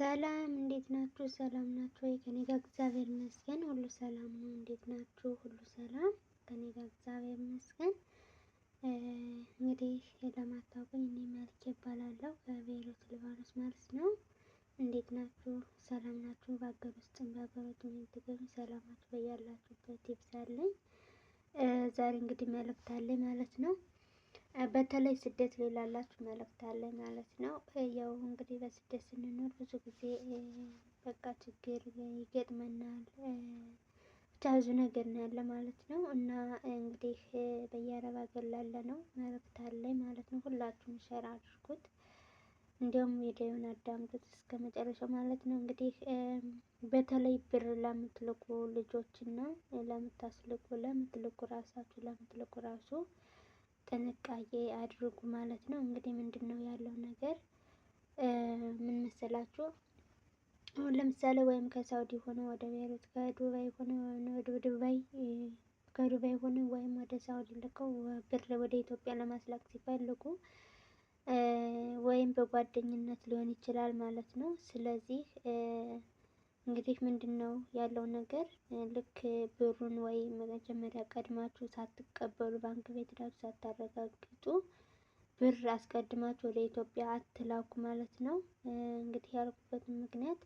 ሰላም እንዴት ናችሁ? ሰላም ናችሁ ወይ? ከኔ ጋር እግዚአብሔር ይመስገን ሁሉ ሰላም ነው። እንዴት ናችሁ? ሁሉ ሰላም ከኔ ጋር እግዚአብሔር ይመስገን። እንግዲህ ለማታውቁኝ እኔ መልኬ ይባላለሁ ከቤይሩት ሊባኖስ ማለት ነው። እንዴት ናችሁ? ሰላም ናችሁ? በሀገር ውስጥም በሀገር ውጭ የምትገኙ ሰላማችሁ በያላችሁበት ይብዛልኝ። ዛሬ እንግዲህ መልእክት አለኝ ማለት ነው። በተለይ ስደት ላይ ላላችሁ መልእክት አለ ማለት ነው። ያው እንግዲህ በስደት ስንኖር ብዙ ጊዜ በቃ ችግር ይገጥመናል፣ ብቻ ብዙ ነገር ነው ያለ ማለት ነው። እና እንግዲህ በየአረብ ሀገር ላለ ነው መልእክት አለ ማለት ነው። ሁላችሁም ሸር አድርጉት፣ እንዲሁም ቪዲዮውን አዳምጡት እስከ መጨረሻው ማለት ነው። እንግዲህ በተለይ ብር ለምትልኩ ልጆች እና ለምታስልኩ ለምትልኩ ራሳችሁ ለምትልኩ ራሱ ጥንቃቄ አድርጉ ማለት ነው። እንግዲህ ምንድን ነው ያለው ነገር ምን መሰላችሁ? አሁን ለምሳሌ ወይም ከሳውዲ ሆነ ወደ ቤሩት ከዱባይ ሆነ ወደ ዱባይ ከዱባይ ሆነ ወይም ወደ ሳውዲ ልከው ብር ወደ ኢትዮጵያ ለማስላክ ሲፈልጉ ወይም በጓደኝነት ሊሆን ይችላል ማለት ነው። ስለዚህ እንግዲህ ምንድን ነው ያለው ነገር ልክ ብሩን ወይ መጀመሪያ ቀድማችሁ ሳትቀበሉ ባንክ ቤት ሄዳችሁ ሳታረጋግጡ ብር አስቀድማችሁ ወደ ኢትዮጵያ አትላኩ ማለት ነው። እንግዲህ ያልኩበትን ምክንያት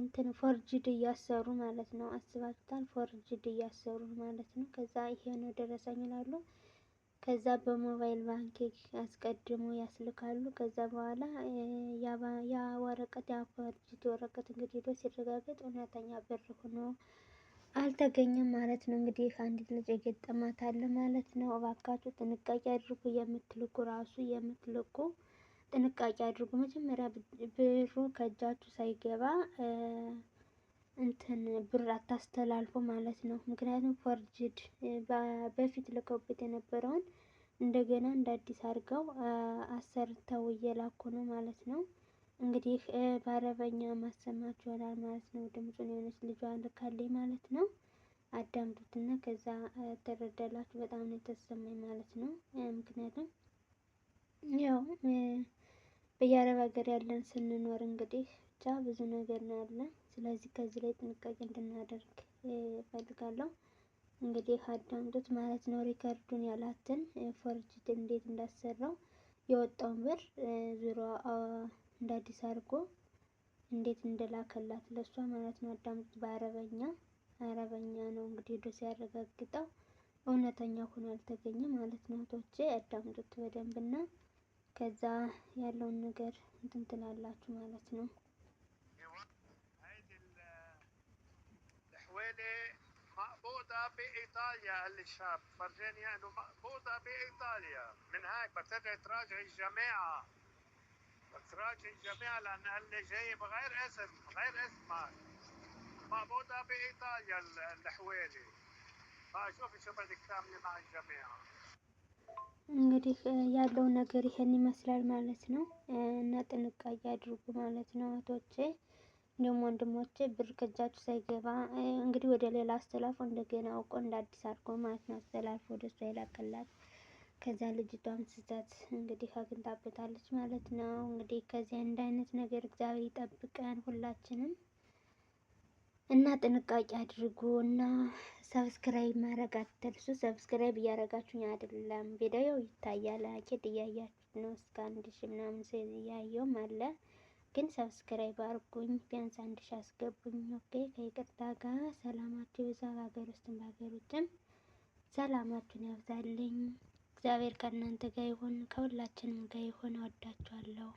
እንትን ፎርጅድ እያሰሩ ማለት ነው። አስባችሁታል? ፎርጅድ እያሰሩ ማለት ነው። ከዛ ይሄ ነው ደረሰኝ ይላሉ። ከዛ በሞባይል ባንኪንግ አስቀድሞ ያስልካሉ። ከዛ በኋላ ያ ወረቀት ያ ወረቀት እንግዲህ ሄዶ ሲረጋገጥ እውነተኛ ብር ሆኖ አልተገኘም ማለት ነው። እንግዲህ አንዲት ልጅ የገጠማት አለ ማለት ነው። እባካችሁ ጥንቃቄ አድርጉ፣ የምትልኩ ራሱ የምትልኩ ጥንቃቄ አድርጉ። መጀመሪያ ብሩ ከእጃችሁ ሳይገባ እንትን ብር አታስተላልፎ ማለት ነው። ምክንያቱም ፎርጅድ በፊት ልከውበት የነበረውን እንደገና እንደ አዲስ አድርገው አሰርተው እየላኩ ነው ማለት ነው። እንግዲህ በአረበኛ ማሰማት ይሆናል ማለት ነው። ድምፁን የሆነች ልጇ ልካልኝ ማለት ነው። አዳምጡትና ከዛ ተረዳላችሁ። በጣም ነው የተሰማኝ ማለት ነው። ምክንያቱም ያው በየአረብ ሀገር ያለን ስንኖር እንግዲህ ብቻ ብዙ ነገር ነው ያለ። ስለዚህ ከዚህ ላይ ጥንቃቄ እንድናደርግ እፈልጋለሁ። እንግዲህ አዳምጡት ማለት ነው። ሪከርዱን ያላትን ፎርጅት እንዴት እንዳሰራው የወጣውን ብር ዙሮ እንደ አዲስ አድርጎ እንዴት እንደላከላት ለሷ ማለት ነው። አዳምጡት በአረበኛ አረበኛ ነው እንግዲህ ሄዶ ሲያረጋግጠው እውነተኛ ሆኖ አልተገኘም ማለት ነው። ቶቼ አዳምጡት በደንብና ከዛ ያለውን ነገር እንትን ትላላችሁ ማለት ነው። مقبوضة بإيطاليا قال لي الشاب فرجاني أنه مقبوضة بإيطاليا من هيك الجماعة الجماعة لأن قال لي بغير اسم غير اسمك مقبوضة بإيطاليا الحوالي فشوفي شو بدك تعملي مع الجماعة እንግዲህ ያለው ነገር ይሄን ይመስላል ማለት ነው። እና ጥንቃቄ አድርጉ ማለት ነው እህቶቼ፣ እንዲሁም ወንድሞቼ ብር ከእጃችሁ ሳይገባ እንግዲህ ወደ ሌላ አስተላልፎ እንደገና አውቆ እንደ አዲስ አድርጎ ማለት ነው አስተላልፎ ወደ እሷ ከዛ ልጅቷም ስህተት እንግዲህ አግኝታበታለች ማለት ነው። እንግዲህ ከዚህ አንድ አይነት ነገር እግዚአብሔር ይጠብቀን ሁላችንም እና ጥንቃቄ አድርጉ እና ሰብስክራይብ ማድረግ አትርሱ። ሰብስክራይብ እያደረጋችሁኝ አይደለም፣ ቪዲዮ ይታያል። አኬድ እያያችሁ ነው። እስከ አንድ ሺ ምናምን ሰው እያየውም አለ፣ ግን ሰብስክራይብ አርጉኝ፣ ቢያንስ አንድ ሺ አስገቡኝ። ኦኬ። ከይቅርታ ጋር ሰላማችሁ ይብዛ፣ በሀገር ውስጥም በሀገር ውጭም ሰላማችሁን ያብዛልኝ። እግዚአብሔር ከእናንተ ጋር ይሁን፣ ከሁላችንም ጋር ይሁን። እወዳችኋለሁ።